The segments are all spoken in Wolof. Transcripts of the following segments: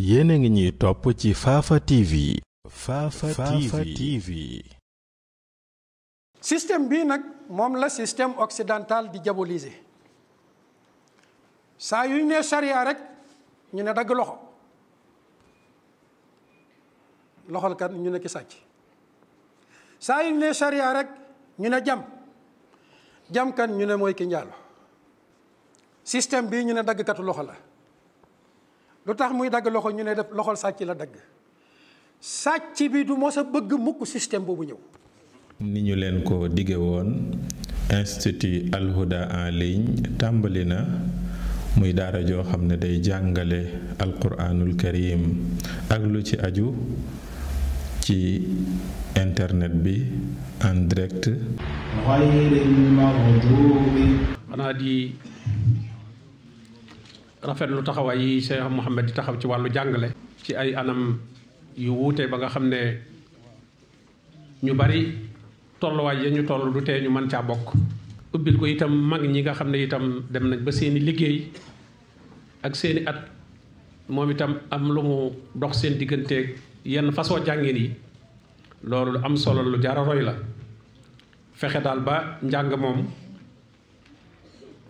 yéen a ngi ñuy topp ci Fafa TV. Fafa TV système bii nag moom la système occidental di diaboliser saa yu ñu nee rek ñu ne dagg loxo loxol kan ñu ne ki sàcc saa yu ñu nee rek ñu ne jam jam ñu ne mooy ki njaalo système bii ñu ne daggkatu loxo la. lu tax muy dagg loxo ñu ne def loxol sàcc la dagg sàcc bi du mos bëgg mukk système boobu ñëw. ni ñu leen ko dige woon institut Al Houda en ligne tàmbali na muy daara joo xam ne day jàngale alquranul karim ak lu ci aju ci internet bi en direct. rafet lu taxawaay yi Cheikh Mouhamed di taxaw ci wàllu jàngale. ci ay anam yu wuute ba nga xam ne ñu bari tolluwaay ya ñu toll du tee ñu mën caa bokk. ubbil ko itam mag ñi nga xam ne itam dem nañ ba seeni liggéey ak seeni at moom itam am lu mu dox seen digganteeg yenn façon jàngin yi loolu lu am solo lu jar a roy la fexe daal ba njàng moom.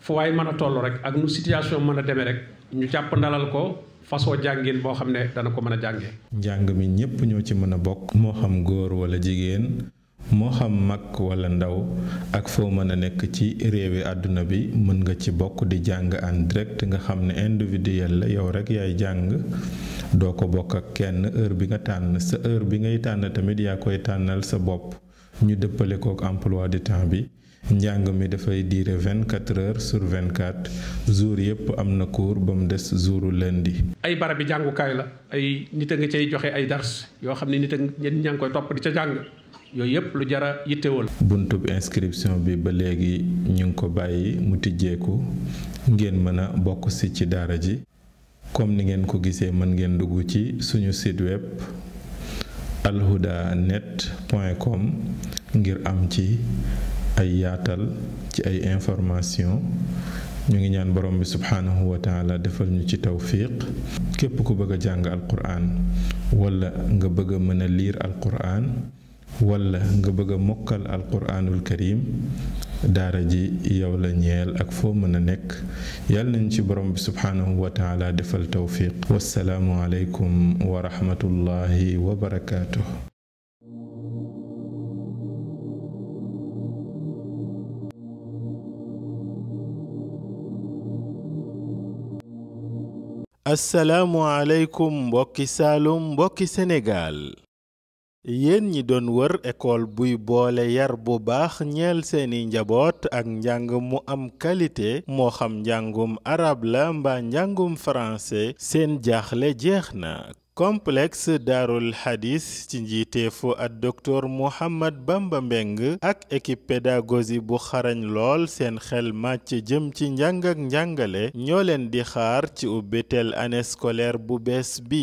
fu waay mën a toll rek ak nu situation mën a demee rek ñu jàpp ndalal ko façon jàngin boo xam ne dana ko mën a jàngee. njàng mi ñépp ñoo ci mën a bokk. moo xam góor wala jigéen. moo xam mag wala ndaw ak foo mën a nekk ci réewi àdduna bi mën nga ci bokk di jàng en direct nga xam ne individuel la yow rek yaay jàng doo ko bokk ak kenn heure bi nga tànn sa heure bi ngay tànn tamit yaa koy tànnal sa bopp ñu dëppale kook emploi du temps bi njàng mi dafay diire vingt 24 heures sur 24 jour yëpp am na cours ba mu des jouru di ay barabi jàngukaay la ay nit a ngi cay joxe ay dars yoo xam ne nit a ña ngi koy topp di ca jàng yooyu yëpp lu jara yittewoo la. buntub inscription bi ba léegi ñu ngi ko bàyyi mu tijjeeku ngeen mën a bokk si ci daara ji. comme ni ngeen ko gisee mën ngeen dugg ci suñu site web alhudanet point com ngir am ci. ay yaatal ci ay information ñu ngi ñaan borom bi subhaanahu wa taala defal ñu ci tawfiq képp ku bëgg a jàng alquran wala nga bëgg a mën a liir alquran wala nga bëgg a mokkal alquranul karim daara ji yow la ñeel ak foo mën a nekk yàlla nañ ci borom bi subhaanahu wa taala defal tawfiq wasalaamu aleykum wa rahmatullahi wa barakaatuh asalaamualeykum mbokki saalum mbokki senegaal yéen ñi doon wër école buy boole yar bu baax ñeel seeni njaboot ak njàng mu am qualité moo xam njàngum arab la mba njàngum français seen jaaxle jeex na complexe daarul xadis ci njiiteefu ak docteur Mouhammad Bamba Mbeng ak ekip pédagogie bu xarañ lool seen xel màcc jëm ci njàng ak njàngale ñoo leen di xaar ci ubbiteel année scolaire bu bees bi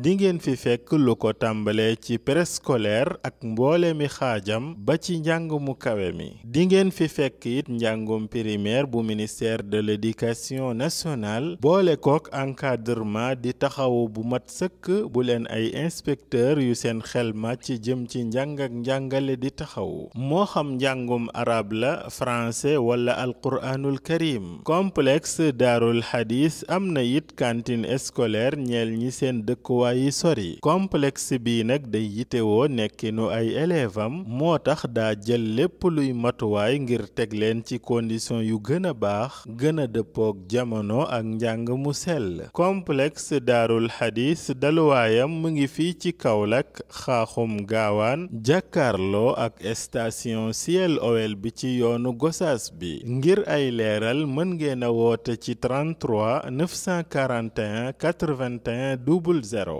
di ngeen fi fekk lu ko tàmbalee ci préscolaire ak mboole mi xaajam ba ci njàng mu kawe mi di ngeen fi fekk it njàngum primaire bu ministère de l'éducation nationale boole kook encadrement di taxawu bu mat sëkk bu leen ay inspecteur yu seen xel ci jëm ci njàng ak njàngale di taxawu moo xam njàngum arab la français wala alquraanul karim complexe daarul xadis am na it cantine scolaire ñeel ñi seen dëkkuwaay dëkkuwaay yi sori complexe bi nag day yitewoo nekkinu ay élève moo tax daa jël lépp luy matuwaay ngir teg leen ci condition yu gën a baax gën a dëppook jamono ak njàng mu sell complexe daarul xadis daluwaayam mu ngi fii ci Kaolack xaaxum gaawaan jàkkaarloo ak station CLOL bi ci yoonu Gossas bi ngir ay leeral mën ngeen a woote ci 33 941 81 00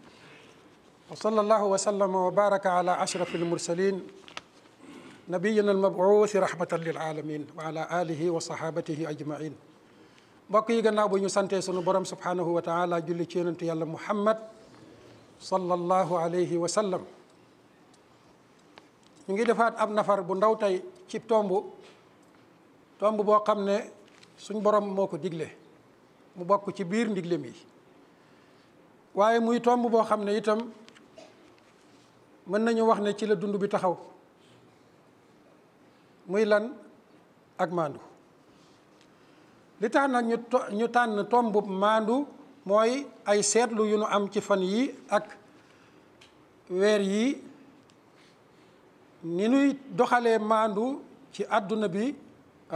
wa sallallahu wa sallama wa baraka ala ashraf almursalin nabiyina almabuusi rahmatan lil alamin wa ala alihi wa sahabatihi ajmain mbokk yi gannaaw bu ñu santee sunu borom subhanahu wa taala julli ci yonentu yàlla muhammad sallallahu alayhi wa sallam ñu ngi defaat ab nafar bu ndaw tey ci tomb tomb boo xam ne suñ borom moo ko digle mu bokk ci biir ndiglem yi waaye muy tomb boo xam ne itam mën nañu wax ne ci la dund bi taxaw muy lan ak maandu li tax nag ñu ñu tànn tomb maandu mooy ay seetlu yu nu am ci fan yi ak weer yi ni nuy doxalee maandu ci àdduna bi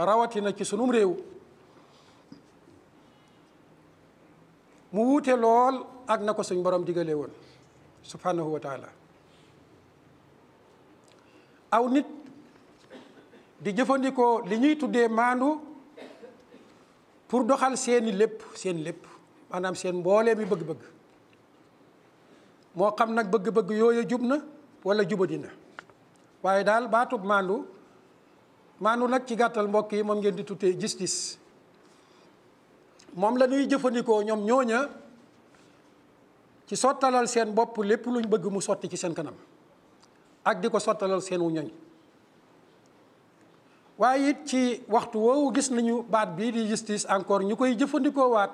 rawatina ci sunum réew mu wuute lool ak na ko suñ borom digalee woon subhanahu wa aw nit di jëfandikoo li ñuy tuddee maandu pour doxal seeni lépp seen lépp maanaam seen mbooleem mi bëgg-bëgg moo xam nag bëgg-bëgg yooyu jub na wala jubadi na waaye daal baatub maandu maandu nag ci gàttal mbokk yi moom ngeen di tuddee justice moom la ñuy jëfandikoo ñoom ñooña ci sottalal seen bopp lépp luñ bëgg mu sotti ci seen kanam ak di ko sottalal wu ñoñ waaye it ci waxtu woowu gis nañu baat bii di justice encore ñu koy jëfandikoo waat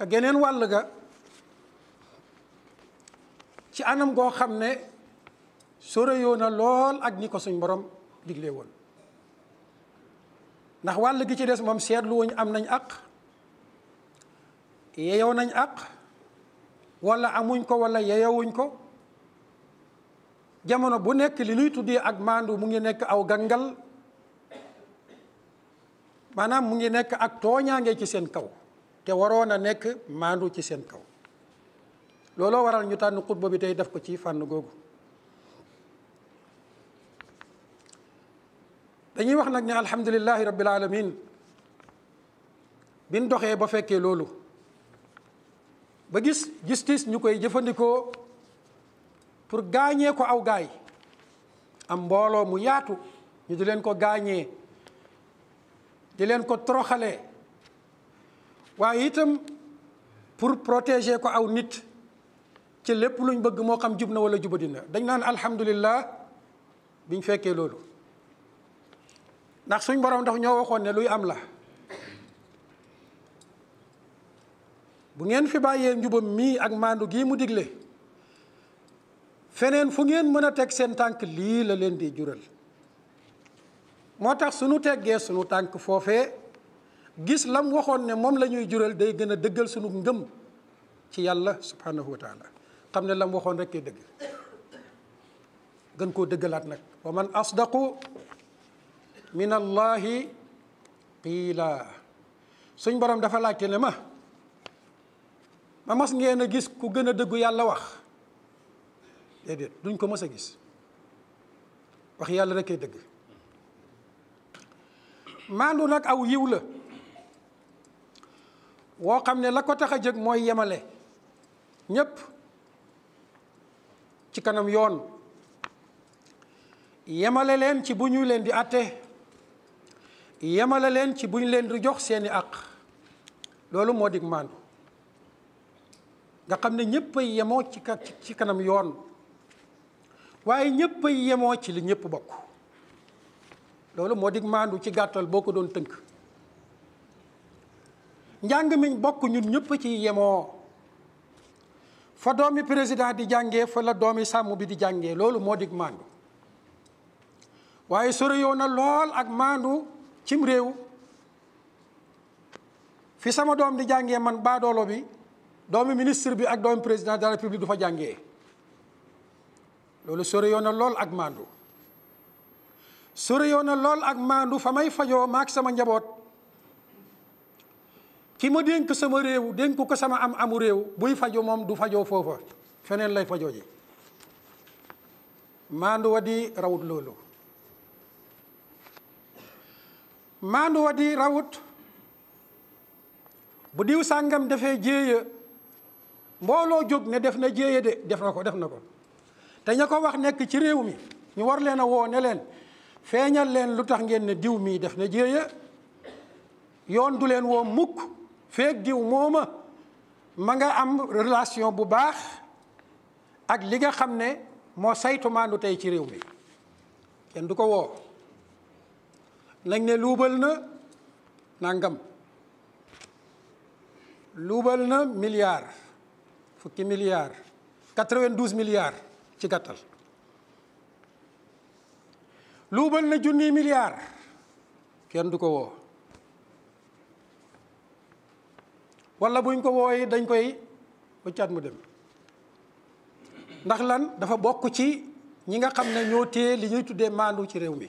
ca geneen wàll ga ci anam goo xam ne soreyoo na lool ak ni ko suñ borom digle woon ndax wàll gi ci des moom seetlu wuñ am nañ àq yeyoo nañ àq wala amuñ ko wala yeyowuñ ko jamono bu nekk li luy tuddee ak maandu mu ngi nekk aw gangal maanaam mu ngi nekk ak tooñaange ci seen kaw te waroon a nekk maandu ci seen kaw looloo waral ñu tànn xutba bi tey def ko ci fànn googu dañuy wax nag ne alhamdulillahi rabbil alamin bin doxee ba fekkee loolu ba gis justice ñu koy jëfandikoo pour gaañee ko aw gaay am mbooloo mu yaatu ñu di leen ko gaañee di leen ko toroxalee waaye itam pour protéger ko aw nit ci lépp luñ bëgg moo xam jub na wala jubadina dañ naan alhamdulillah biñ fekkee loolu ndax suñ borom ndax ñoo waxoon ne luy am la bu ngeen fi bàyyee njubam mii ak maandu gii mu digle feneen fu ngeen mën a teg seen tànk lii la leen di jural moo tax sunu teggee sunu tànk foofee gis lam waxoon ne moom la jural day gën a dëggal sunu ngëm ci yàlla subhanahu wa taala xam ne lam waxoon rek dëgg gën koo dëggalaat nag wa man asdaqu min allahi qiila suñ borom dafa laajte ne ma ma mas ngeen a gis ku gën a dëggu yàlla wax duñ ko mës a gis wax yàlla rekk ay dëgg maandu nag aw yiw la woo xam ne la ko tax a jëg mooy yemale ñépp ci kanam yoon yemale leen ci bu ñu leen di àtte yemale leen ci bu ñu leen di jox seeni àq loolu moo dig maandu nga xam ne ñépp yemoo ci ci kanam yoon waaye ñëpp yemoo ci li ñëpp bokk loolu moo dig maandu ci gàttal boo ko doon tënk njàng miñ bokk ñun ñëpp ci yemoo fa doomi président di jàngee fa la doomi sàmm bi di jàngee loolu moo dig maandu waaye soreyoo na lool ak maandu cim réew fi sama doom di jànge man baadoolo bi doomi ministre bi ak doomi président de la république du fa jàngee loolu sore yoo na lool ak maandu sore yoo na lool ak maandu fa may fajoo maak sama njaboot ki ma dénk sama réew dénk ko sama am amu réew buy fajo moom du fajoo foofa feneen lay fajoo ji maandu wa di rawut loolu maandu wa di rawut bu diw sàngam dafee jéeya mbooloo jóg ne def na jéeya de def na ko def na ko te ña ko wax nekk ci réew mi ñu war leen a woo ne leen feeñal leen lu tax ngeen na diw mii def na jéeya yoon du leen woo mukk feeg diw mooma ma nga am relation bu baax ak li nga xam ne moo saytu maandu tey ci réew mi kenn du ko woo nañ ne luubal na nangam luubal na milliard fukki milliard 92 milliards ci gàttal luubal na junni milliard kenn du ko woo wala buñ ko wooyi dañ koy wëccaat mu dem ndax lan dafa bokk ci ñi nga xam ne ñoo téye li ñuy tuddee maandu ci réew mi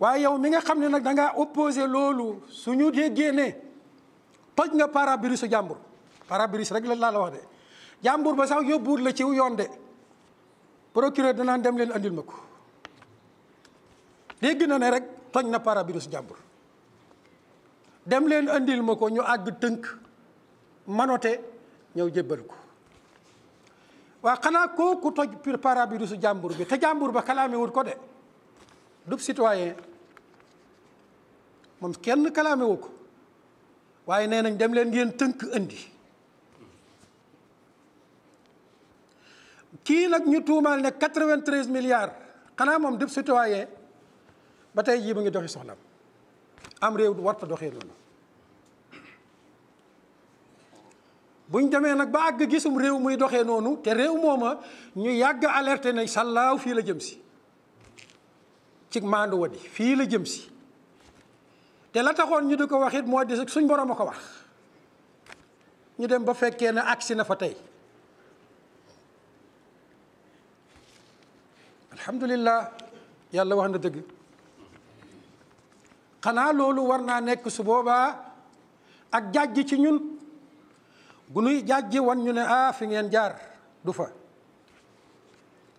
waaye yow mi nga xam ne nag da ngaa loolu su ñu dee ne toj nga pare-brise jàmbur pare-brise rek la laa wax de jàmbur ba sax yóbbuwul la ci yoon de procureur danaan dem leen andil ma ko dégg na ne rek toj na parabirus jàmbur dem leen andil ma ko ñu àgg tënk manote ñëw jébbal ko waa xanaa kooku toj parabirus jàmbur bi te jàmbur ba kalaame wut ko de dub citoyen moom kenn kalaame ko waaye nee nañ dem leen ngeen tënk andi kii nag ñu tuumaal ne 93 milliards xanaa moom def citoyen ba tey jii mu ngi doxi soxlaam am réew warta doxe noonu buñ demee nag ba àgg gisum réew muy doxee noonu te réew mooma ñu yàgg alerte ne sàllaaw fii la jëm si ci maandu wa di fii la jëm si te la taxoon ñu di ko waxit it moo di suñ borom a ko wax ñu dem ba fekkee ne agsi na fa tey alhamdulillah yàlla wax na dëgg xanaa loolu war naa nekk su boobaa ak jàjj ci ñun gu nuy jàjj wan ñu ne ah fi ngeen jaar du fa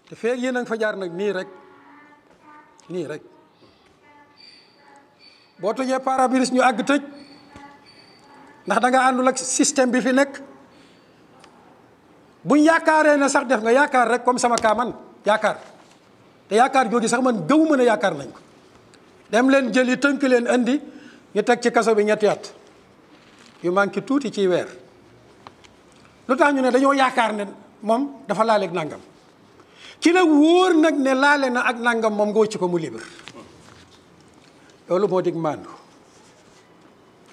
te feeg yéen fa jaar nag nii rek nii rek boo tojee pare-brise ñu àgg tëj ndax danga nga àndul ak bi fi nekk buñ yaakaaree ne sax def nga yaakaar rek comme sama kaa man te yaakaar jooju sax man gëwuma ne yaakaar nañ ko dem leen jëli tënk leen indi ñu teg ci kaso bi ñetti at yu manqué tuuti ci weer lu tax ñu ne dañoo yaakaar ne moom dafa laaleeg nangam ki la wóor nag ne laale na ak nangam moom nga wëcc ko mu libre loolu moo dig màndu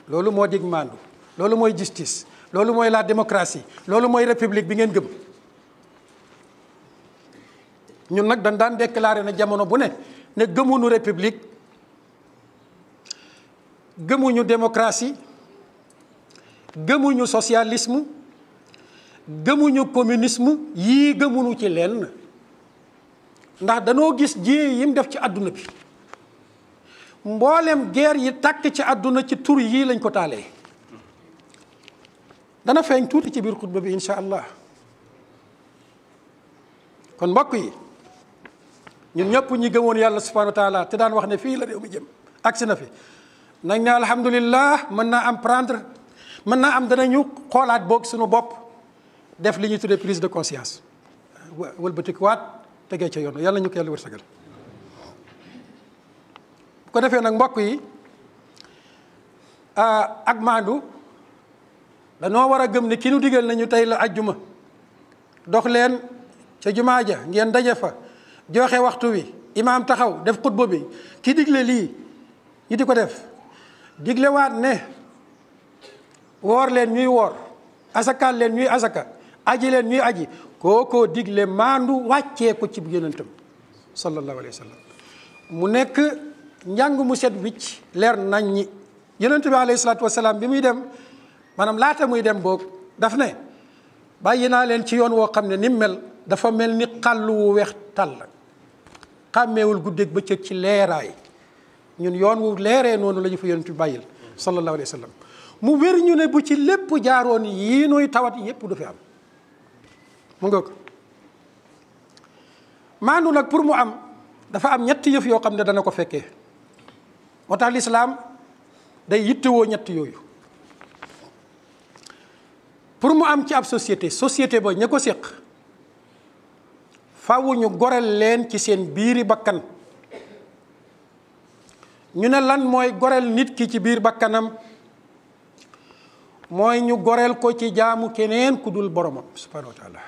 loolu moo dig màndu loolu mooy justice loolu mooy la démocratie loolu mooy république bi ngeen gëm ñun nag dañ daan déclaré na jamono bu ne ne gëmunu république gëmuñu démocratie gëmuñu socialisme gëmuñu communisme yii gëmuñu ci lenn ndax danoo gis ji yim def ci àdduna bi mboolem guerre yi takk ci àdduna ci tur yii lañ ko taale dana feeñ tuuti ci biir xutba bi incha allah kon mbokk yi ñun ñëpp ñi gëmoon yàlla subhanahu wa taala te daan wax ne fii la réew mi jëm agsi na fi nañ ne alhamdulillah mën naa am prendre mën naa am danañu xoolaat boog suñu bopp def li ñuy tuddee prise de conscience walbatikuwaat tegee ca yoon yàlla ñu ko yàlla wërsëgal bu ko defee nag mbokk yi ah, ak maandu danoo war a gëm ni ki nu digal nañu tey la ajjuma dox leen ca jumaa ja ngeen daje fa joxe waxtu wi imaam taxaw def xutba bi ki digle lii ñi ko def diglewaat ne woor leen ñuy woor asakaal leen ñuy asaka aji leen ñuy aji kookoo digle maandu wàccee ci yonentam sallallahu alayhi wa sallam mu nekk njàng mu set wicc leer nañ ñi yonent bi alayhi salaatu bi muy dem maanaam laata muy dem boog daf ne bàyyi naa leen ci yoon woo xam ne ni mel dafa mel ni xàll wu weex tàll xàmmeewul guddeeg bëccëg ci leeraay ñun yoon wu leeree noonu lañu fi fa yonent bi bàyyil sallallahu alayhi wa sallam mu wér ñu ne bu ci lépp jaaroon yii nuy tawat yépp du fi am mu nga ko maandu nag pour mu am dafa am ñetti yëf yoo xam ne dana ko fekkee moo tax lislaam day yittewoo ñetti yooyu pour mu am ci ab société société ba ña ko séq faaw ñu goreel leen ci seen biiri bakkan ñu ne lan mooy goreel nit ki ci biir bakkanam mooy ñu goreel ko ci jaamu keneen ku dul boromam subhanahu wa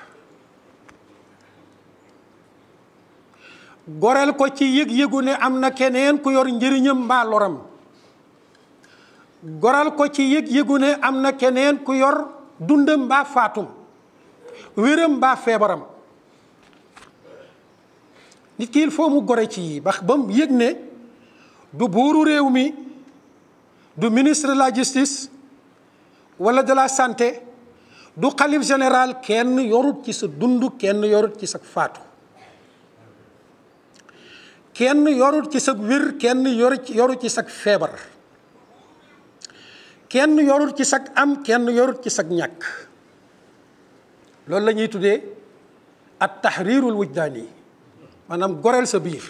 goreel ko ci yëg yëgune ne am na keneen ku yor njëriñam mbaa loram goreel ko ci yëg yëgune am na keneen ku yor dundam mbaa faatum wéram mbaa feebaram nit ki il faut mu gore ci yi bax ba mu yëg ne du buuru réew mi du ministre la justice wala de la santé du xalif général kenn yorut ci sa dund kenn yorut ci sag faatu kenn yorut ci sa wér kenn yorut ci sa feebar kenn yorut ci sa am kenn yorut ci sag ñàkk loolu la ñuy tuddee at tahrirul wujdaani maanaam goreel sa biir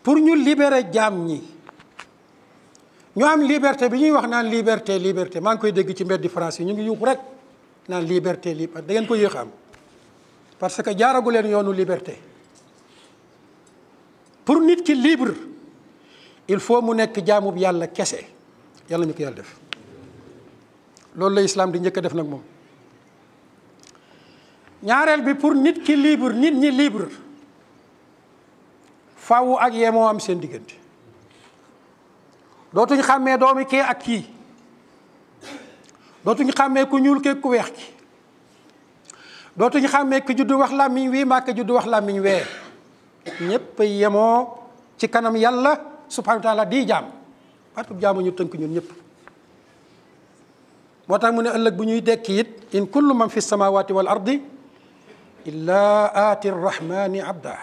pour ñu libérer jaam ñi ñu am liberté bi ñuy wax naan liberté liberté maa ngi koy dégg ci mbeddi France yi ñu ngi yuuxu rek naan liberté liberté da ngeen ko yéex am parce que jaaragu leen yoonu liberté pour nit ki libre il faut mu nekk jaamub yàlla kese yàlla ñu ko yàlla def loolu la islam di njëkk def nag moom ñaareel bi pour nit ki libre nit ñi libre faaw ak yee am seen diggante dootuñ xàmmee doomi kee ak kii dootuñ xàmmee ku ñuul kee ku weex ki dootuñ xàmmee ku juddu wax làmmiñ wii mbaa ku juddu wax làmmiñ wee ñépp yemoo ci kanam yàlla subhanahu wa di jàmm batub jaamu ñu tënk ñun ñëpp moo tax mu ne ëllëg bu ñuy dekki it in kullu man fi samawati wal ardi illaa aati rahmani abda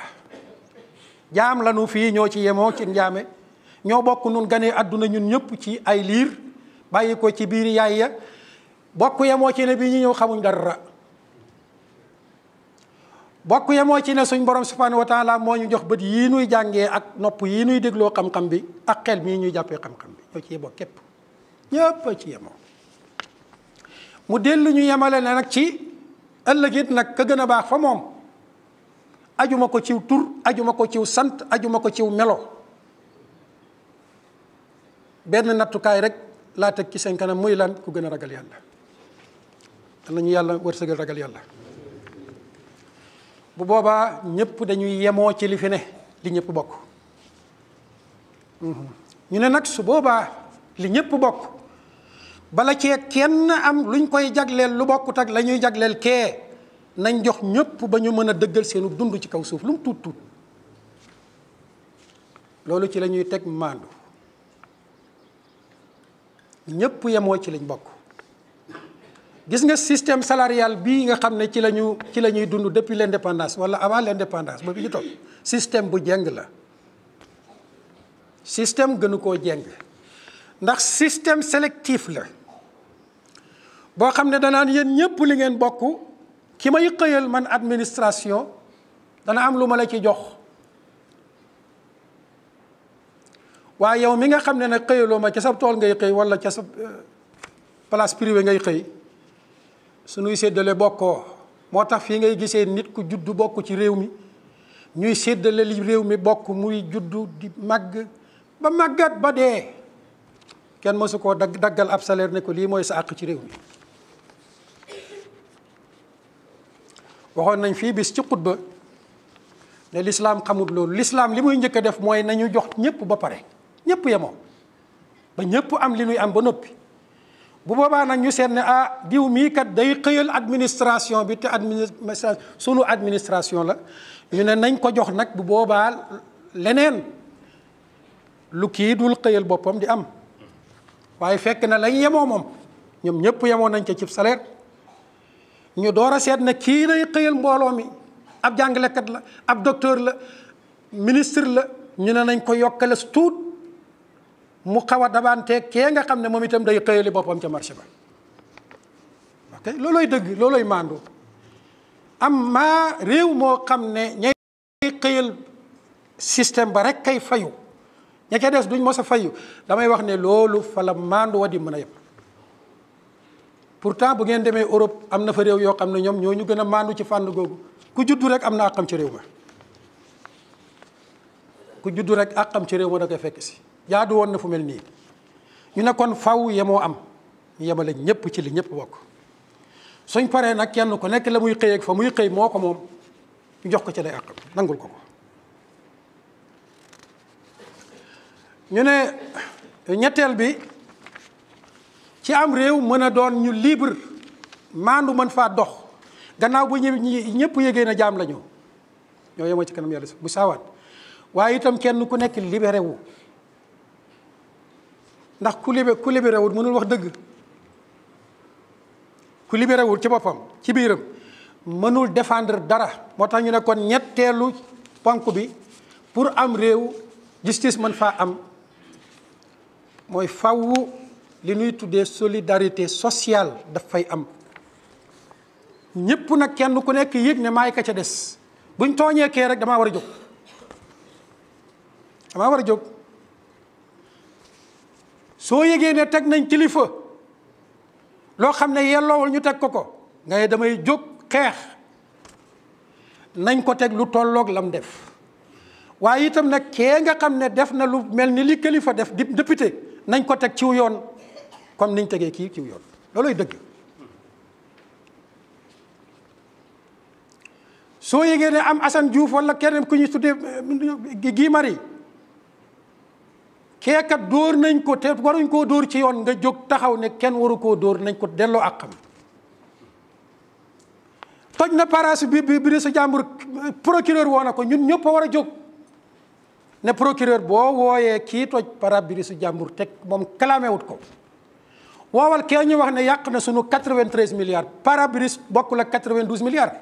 jaam lanu fii ñoo ci yemoo ci njaame ñoo bokk nun ganee àdduna ñun ñëpp ci ay liir bàyyi ko ci biir yaay ya bokk yemoo ci ne bi ñu ñëw xamuñ dara bokk yemoo ci ne suñ borom subhanahu wa moo ñu jox bët yi nuy jàngee ak nopp yi nuy dégloo xam-xam bi ak xel mii ñuy jàppee xam-xam bi ñoo ci yemoo képp ñëpp ci yemoo mu dellu ñu yemale ne nag ci ëllëg it nag ka gën a baax fa moom ajuma ko ciw tur ajuma ko ciw sant ajuma ko ciw melo benn nattukaay rek laa teg ci seen kanam muy lan ku gën a ragal yàlla dana ñu yàlla wërsëgal ragal yàlla bu boobaa ñëpp dañuy yemoo ci li fi ne li ñëpp bokk mhm. ñu ne nag su boobaa li ñëpp bokk bala cee kenn am luñ koy jagleel lu bokk ak la ñuy jagleel kee nañ jox ñëpp ba ñu mën a dëggal seenu dund ci kaw suuf lu mu tuut tuut loolu ci la ñuy teg maandu ñëpp yemoo ci lañ bokk gis nga système salarial bii nga xam ne ci la ñu ci la ñuy dund depuis l'indépendance wala avant l'indépendance ba bi ñu toog système bu jeng la système gënu koo jeng ndax système sélectif la boo xam ne danaa yéen ñëpp li ngeen bokk ki may xëyal man administration dana am lu ma la ci jox waaye yow mi nga xam ne nag xëyaloo ma ca sa tool ngay xëy wala ca sa eh, place privée ngay xëy su nuy séddale bokkoo moo tax fii ngay gisee nit ku juddu bokk ci réew mi ñuy séddale li réew mi bokk muy juddu di màgg ba màggat ba dee kenn mësu koo dagg daggal ab saleer ne ko lii mooy sa àq ci réew mi waxoon nañ fii bis ci xutba ne lislaam xamut loolu lislaam li muy njëkk a def mooy nañu jox ñëpp ba pare ñëpp yemoo ba ñëpp am li nuy am ba noppi bu boobaa nag ñu seet ne ah diw mii kat day xëyal administration bi te administration sunu administration la ñu ne nañ ko jox nag bu boobaa leneen lu kii dul xëyal boppam di am waaye fekk na lañ yemoo moom ñoom ñëpp yemoo nañ ca cib salaire ñu door a seet ne kii lay xëyal mbooloo mi ab jàngalekat la ab docteur la ministre la ñu ne nañ ko yokkale tuut mu xaw a dabante kee nga xam ne moom itam day xëyali boppam ca marché ba ok loolooy dëgg loolooy maandu am maa réew moo xam ne ñay xëyal système ba rek ay fayu ña ca des duñ mos a fayu damay wax ne loolu fa la maandu di mën a yem pourtant bu ngeen demee Europe am na fa réew yoo xam ne ñoom ñoo ñu gën a maandu ci fànn googu ku juddu rek am na àqam ci réew ma ku juddu rek àqam ci réew ma da koy fekk si jaadu woon na fu mel nii ñu ne kon faw yemoo am ñu yemale ñëpp ci li ñëpp bokk suñ paree nag kenn ku nekk la muy xëy ak fa muy xëy moo ko moom jox ko ci lay àqam nangul ko ko ñu ne ñetteel bi ci am réew mën a doon ñu libre maandu mën faa dox gannaaw bu ñë ñëpp yëgee na jaam la ñu ñoo yemoo ci kanam yàlla bu saawaat waaye itam kenn ku nekk libéré wu ndax ku libéré ku libéré wul mënul wax dëgg ku libéré wul ci boppam ci biiram mënul défendre dara moo tax ñu ne kon ñetteelu ponk bi pour am réew justice mën faa am mooy fawwu li nuy tuddee solidarité sociale daf fay am ñëpp nag kenn ku nekk yëg ne maay ka ca des buñ tooñee kee rek damaa war a jóg damaa war a jóg soo yëgee ne teg nañ kilifa loo xam ne yelloowul ñu teg ko ko ngay damay jóg xeex nañ ko teg lu tolloog lam def waaye itam nag kee nga xam ne def na lu mel ni li kilifa def di député nañ ko teg ciw yoon comme niñ tegee kii ci yoon looloy dëgg soo yëgee ne am Assane Diouf wala keneen ku ñu tuddee eh, gii mari keekat dóor nañ ko te waruñ koo dóor ci yoon nga jóg taxaw ne kenn waru koo dóor nañ ko delloo ak xam toj na paraas bi bi bi sa jàmbur procureur woo na ko ñun ñëpp war a jóg ne procureur boo wooyee kii toj paraas bi su jàmbur teg moom kalaamewut ko woowal kee ñu wax ne yàq na sunu 93 milliards pare-brise bokkul ak 92 milliards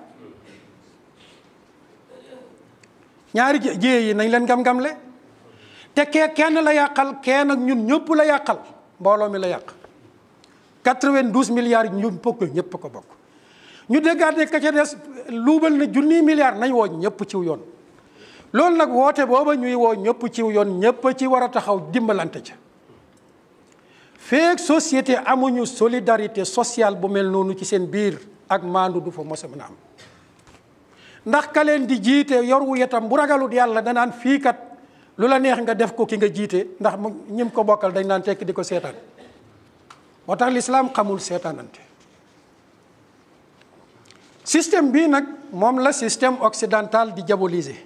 ñaari jiyee yi nañ leen gam-gamle te kee kenn la yàqal kee nag ñun ñëpp la yàqal mbooloo mi la yàq 92 milliards ñu bokk ñëpp ko bokk. ñu déggaat ne ka ca des luubal na junniy milliards nañ woo ñëpp ciw yoon loolu nag woote booba ñuy woo ñëpp ciw yoon ñëpp ci war a taxaw dimbalante ca. feek société amuñu solidarité sociale bu mel noonu ci seen biir ak maandu du fa mos a a am ndax ka di jiite yoru yetam bu ragalut yàlla danaan fii kat lu la neex nga def ko ki nga jiite ndax ñim ko bokkal dañ naan tekk di ko seetaan moo tax lislaam xamul seetaanante système bii nag moom la système occidental di diaboliser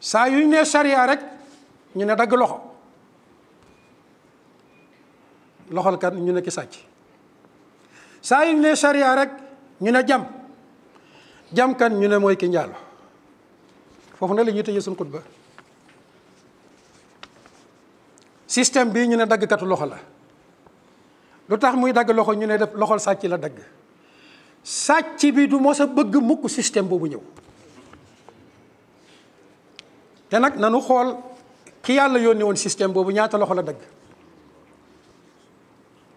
saa yu ñu nee charia rek ñu ne dagg loxo loxalkat ñu ne ki sàcc saa yu ne charia rek ñu ne jam jamkan ñu ne mooy ki njaalo foofu na la ñuy tëjee suñ ba système bi ñu ne daggkatu loxo la lu tax muy dagg loxo ñu ne def loxol sàcc la dagg sàcc bi du mos a bëgg mukk système boobu ñëw te nag nanu xool ki yàlla yónni woon système boobu ñaata loxo la dagg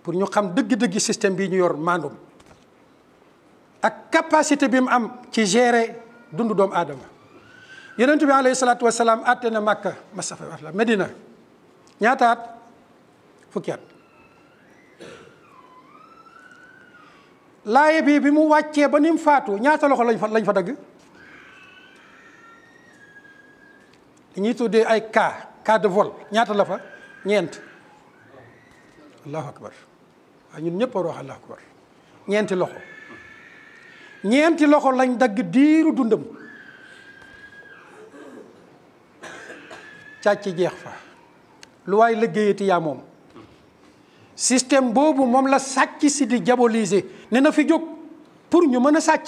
pour ñu xam dëgg-dëgg système bi ñu yor maandum ak capacité bi mu am ci gérer dund doomu aadama yonent bi alayhi salaatu wasalaam àtte na Makka masafa Medina ñaata at fukki at laaye bi bi mu wàccee ba ni mu faatu ñaata loxo lañ fa lañ fa dagg dañuy tuddee ay cas cas de vol ñaata lafa ñeent allahu akbar waaye ñun ñëpp war wax allahu akbar ñeenti loxo ñeenti loxo lañ dagg diiru dundam càcc jeex fa lu waay liggéeyati yaa moom système boobu moom la sàcc si di diaboliser ne na fi jóg pour ñu mën a sàcc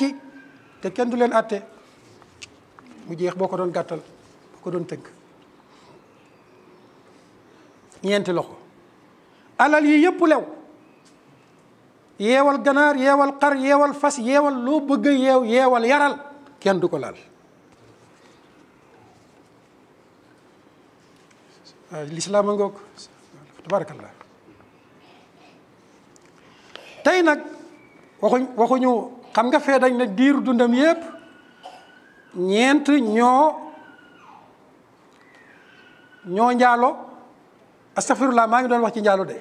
te kenn du leen àtte mu jeex boo ko doon gàttal boo ko doon tënk ñeenti loxo alal yi yëpp lew yeewal ganaar yeewal xar yeewal fas yeewal loo bëgg a yeew yeewal yaral kenn du ko laal lislaam a tey nag waxuñ waxuñu xam nga fee dañ ne diiru dundam yépp ñeent ñoo ñoo njaalo astafirullah maa ngi doon wax ci njaalo de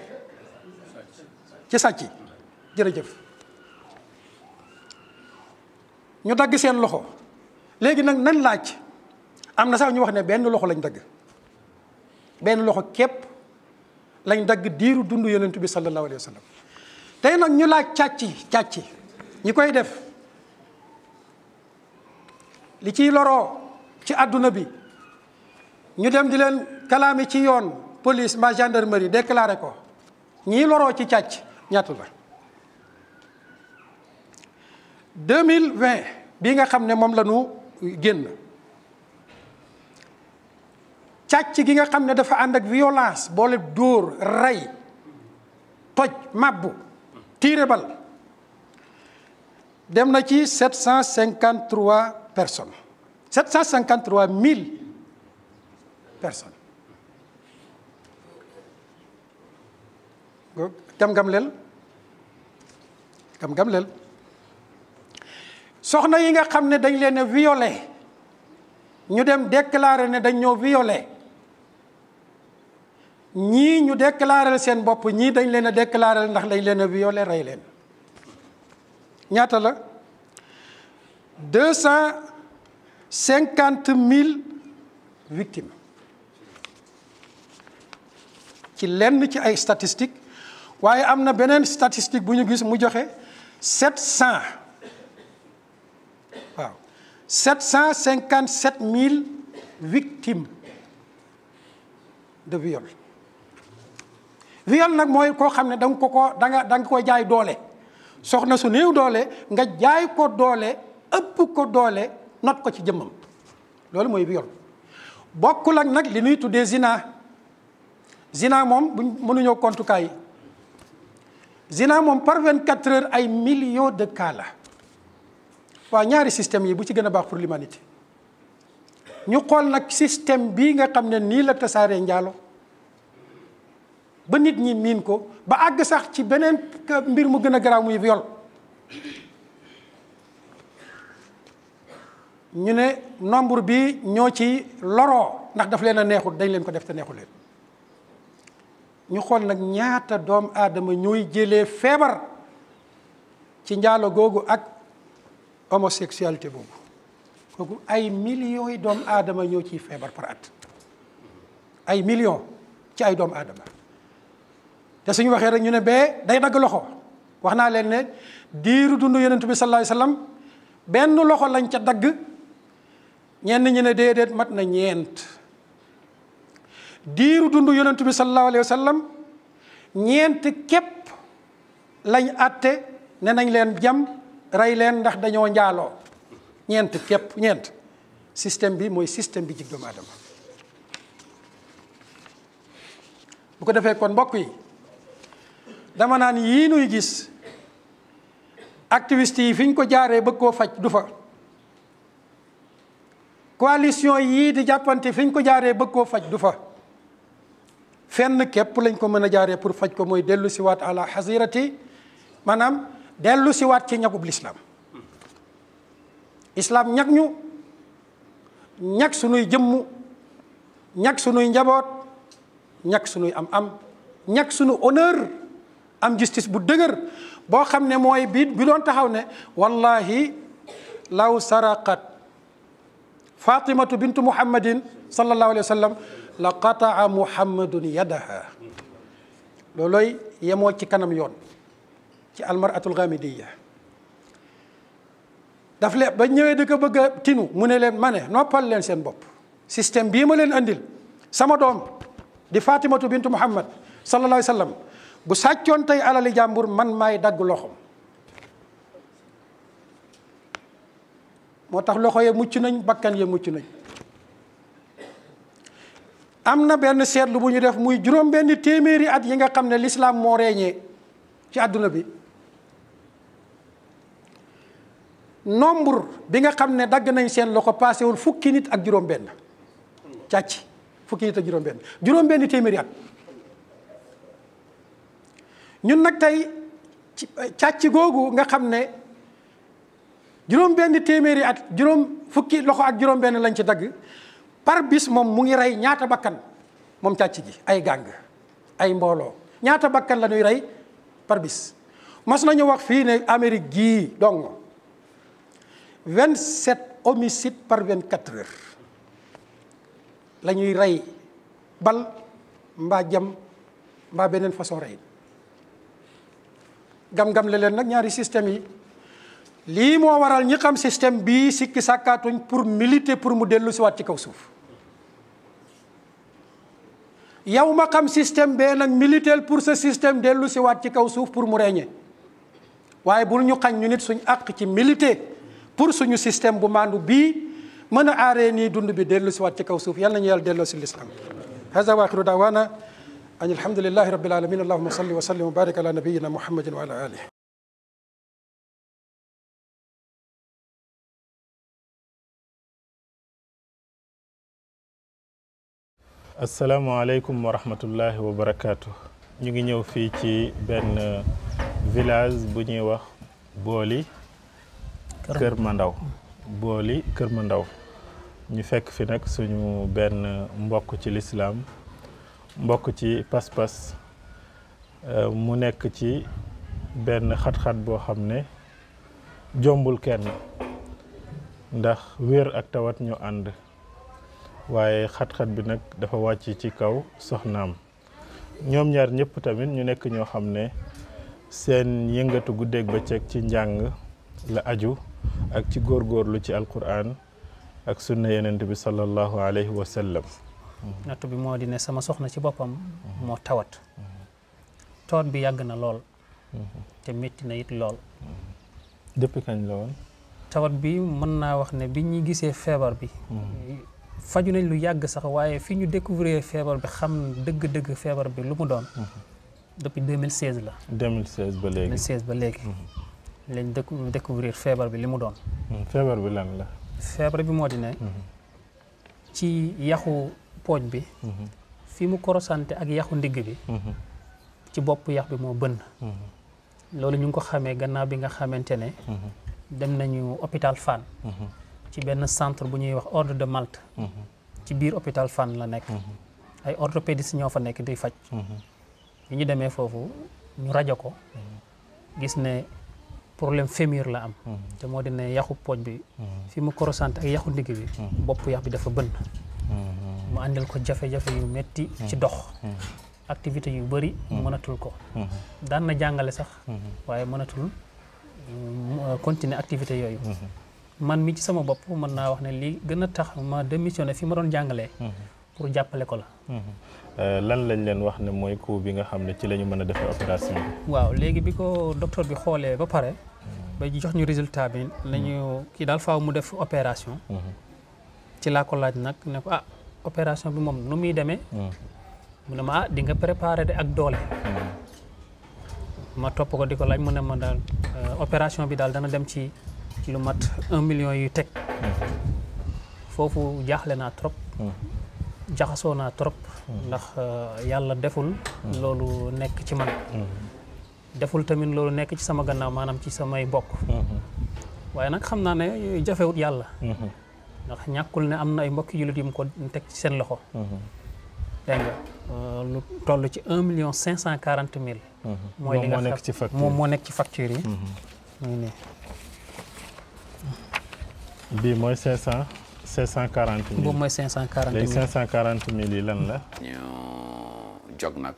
ci sàcc jërëjëf ñu dagg seen loxo léegi nag nan laaj am na sax ñu wax ne benn loxo lañ dagg benn loxo képp lañ dagg diiru dund yonent bi sallallahu alayhi wa sallam tey nag ñu laaj càcc càcc ñi koy def li ciy loroo ci àdduna bi ñu dem di leen kalaami ci yoon police mbaa gendarmerie clare ko ñii loroo ci càcc ñaata la 2020 bii nga xam ne moom la ñu génn càcc gi nga xam ne dafa ànd ak violence boole dóor rey toj màbbu tiire dem na ci 753 personnes 753 000 personnes gam-gam leel gam-gam leel soxna yi nga xam ne dañ leen a violé ñu dem déclarer ne dañ ñoo violé ñii ñu déclarer seen bopp ñii dañ leen a déclarer ndax dañ leen a rey leen ñaata la deux cinquante mille victimes ci lenn ci ay statistiques waaye am na beneen statistique bu ñu gis mu joxe sept cent waaw 757 000 victimes de viol viol nag mooy koo xam ne danga ko ko da nga da nga jaay doole soxna su néew doole nga jaay ko doole ëpp ko doole not ko ci jëmmam loolu mooy viol bokkul ak nag li ñuy tuddee zina zina moom buñ mënuñoo kontukaay zina moom par 24 heures ay millions de cas la waa ñaari système yi bu ci gën a baax pour l'humanité ñu xool nag système bii nga xam ne nii la tasaaree njaalo ba nit ñi miin ko ba àgg sax ci beneen mbir mu gën a garaaw muy viol ñu ne nombre bi ñoo ci loro ndax daf leen a neexul dañ leen ko def te neexul leen ñu xool nag ñaata doom aadama ñooy jëlee feebar ci njaalo googu ak homosexualité boobu kooku ay millions yi doomu aadama ñoo ciy feebar par at ay millions ci ay doomu adama te suñu waxee rek ñu ne bee day dagg loxo wax naa leen ne diiru dund yonent bi sallallahu alayhi wasallam benn loxo lañ ca dagg ñenn ne mat na ñeent diiru dund yonent bi sallallahu alayhi wasallam ñeent képp lañ àtte ne nañ leen jam rey leen ndax dañoo njaaloo ñeent képp ñeent système bi mooy système bi jig doomu aadama bu ko defee kon mbokk yi dama naan yii nuy gis activistes yi fiñ ko jaaree bëgg koo faj du fa coalition yii di jàppante fiñ ko jaaree bëgg koo faj du fa fenn képp lañ ko mën a jaaree pour faj ko mooy dellu si waat àla xasirati maanaam dellu siwaat ci ñagub lislaam islaam ñag ñu ñag sunuy jëmm ñag sunuy njaboot ñag sunuy am am ñag sunu honneur am justice bu dëgër boo xam ne mooy bi bi doon taxaw ne wallahi law saraqat fatimatu bintu muhammadin sallallahu alayhi wa la qataa muhammadun yadaha loolooy yemoo ci kanam yoon ci almaratul ghamidiyya daf leen ba ñëwee di ko bëgg a tinu mu ne leen ma ne noppal leen seen bopp système bii ma leen indil sama doom di fatimatu bintu muhammad sallallahu alayhi bu sàccoon tey alali jàmbur man may dagg loxo moo tax loxo ya mucc nañ bakkan ya mucc nañ am na benn seetlu bu ñu def muy juróom benn téeméeri at yi nga xam ne lislaam moo reeñee ci àdduna bi nombre bi nga xam ne dagg nañ seen loxo paasewul fukki nit ak juróom-benn càcc fukki nit ak juróom-benn juróom-benn téeméeri at ñun nag tey càcc googu nga xam ne juróom-benn téeméeri at juróom fukki loxo ak juróom-benn lañ ci dagg par bis moom mu ngi rey ñaata bakkan moom càcc gi ay gàng ay mbooloo ñaata bakkan la ñuy rey par bis mas nañu wax fii ne Amérique gii dong. 27 homicides par 24 heures la rey bal mbaa jam mbaa beneen façon rey gam-gam la leen nag ñaari système yi lii moo waral ñi xam système bii sikki sàkkaatuñ pour militer pour mu dellu si waat ci kaw suuf yow ma xam système bee nag militaire pour ce système dellu si waat ci kaw suuf pour mu reñe waaye bul ñu xañ ñu nit suñ àq ci militer pour suñu système bu maandu bii mën a aaree ni dund bi dellu si ci kaw suuf yal nañu yàlla delloo si lislaam hada waaxiru daawaana an alhamdulillahi rabbil alamin allahuma salli wa sallim wa barik ala nabiyina muhammadin wa ñu ngi ñëw fii ci benn village bu ñuy wax Booli Kër Mandaw booli Kër ndaw ñu fekk fi nag suñu benn mbokk ci lislaam mbokk ci pas-pas euh, mu nekk ci benn xat-xat boo xam ne jombul kenn ndax wér ak tawat ñu ànd waaye xat-xat bi nag dafa wàcc ci kaw soxnaam ñoom ñaar ñëpp tamit ñu nekk ñoo xam ne seen yëngatu guddeeg bëccëg ci njàng la aju ak ci góor góorgóorlu ci alquran ak sunna yenent bi sallallahu alayhi wa sallam nattu bi moo di ne sama soxna ci boppam moo tawat toot bi yàgg na lool te metti na it lool depuis kañ la woon tawat bi mën naa wax ne bi ñu gisee feebar bi faju nañ lu yàgg sax waaye fi ñu découvrir feebar bi xam dëgg-dëgg feebar bi lu mu doon mhm. depuis 2016 la 2016 ba léegi ba léegi mhm. lañ découvrir feebar bi li mu doon. Hmm, feebar bi lan la. feebar bi moo di ne. Hmm. ci yaxu pooj bi. Hmm. fi mu korosante ak yaxu ndigg bi. ci bopp yax bi moo bënn. loolu ñu ngi ko xamee gannaaw bi nga xamante ne. dem nañu hôpital Fann. ci benn centre bu ñuy wax ordre de Malte. ci biir hôpital fan la nekk. ay orthopédistes ñoo fa nekk di faj. bi ñu demee foofu ñu rajo ko. gis ne problème fémur la am hmm. te moo di ne yaxu pooj bi hmm. fi mu korosante ak yaxu ndigg bi hmm. bopp yax bi dafa bënn mu àndil ko jafe-jafe yu metti ci dox activité yu bëri mënatul ko daan na jàngale sax waaye mënatul euh, continuer activité yooyu man mii ci sama bopp mën naa wax ne lii gën a tax ma démissionné fi ma doon jàngalee pour jàppale ko la. Euh, lan lañ leen wax ne mooy coût bi nga xam ne ci lañu ñu mën a defee opération waaw léegi bi ko docteur bi xoolee ba pare. Hmm. ba jox ñu résultat bi. nañu hmm. kii daal faaw mu def opération. Hmm. ci laa ko laaj nag ne ko ah opération bi moom nu muy demee. mu ne ma ah di nga préparé de ak doole. ma topp ko di ko laaj mu ne ma daal euh, opération bi daal dana dem ci lu mat un million yu teg. foofu jaaxle naa trop. jaxasoo naa trop. Hmm. ndax euh, yàlla deful. Hmm. loolu nekk ci man. Hmm. deful tamit loolu nekk ci sama gannaaw maanaam ci samay bokk. waaye nag xam naa ne jafewut yàlla. ndax ñàkkul ne am na ay mbokki jullit yu mu ko teg ci seen loxo. dégg euh, toll ci un million cinq cent quarante mille. mooy moom moo nekk ci facture yi. bii mooy cinq cent. 540 mille boobu mooy 540 mille léegi 540 mille yi lan la. ñu jog nag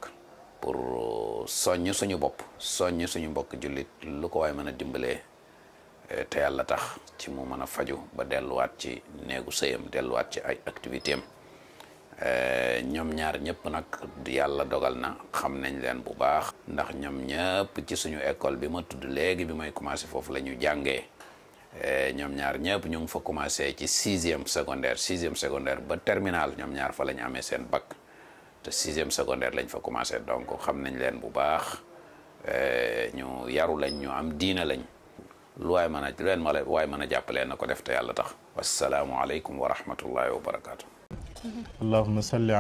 pour euh, soñ suñu bopp soññ suñu mbokk jullit lu ko waay mën a dimbalee euh, te yàlla tax ci mu mën a faju ba delluwaat ci néegu sëyam delluwaat ci ay activité am euh, ñoom ñaar ñëpp nag yàlla dogal na xam nañ leen bu baax. ndax ñoom ñëpp ci suñu école bi ma tudd léegi bi may commencé foofu la ñu jàngee. Eh, ñoom ñaar ñëpp ñu ngi fa commencé ci sixième secondaire sixième secondaire ba terminal ñoom ñaar fa la ñu amee seen bac te sixième secondaire lañ fa commencé donc xam nañ leen bu baax eh, ñu yaru lañ ñu am diina lañ lu waay mën a lu leen ma la mën a jàppalee na ko def te yàlla tax wasalaamualeykum wa rahmatullahi wa barakaatu. allahumma salli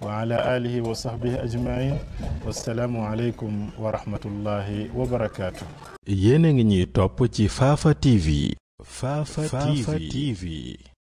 wa ala alihi wa sahbihi ajmain wassalaamu aleykum wa rahmatullahi wa barakaatu yéen a ngi ñuy topp ci Fafa TV Fafa TV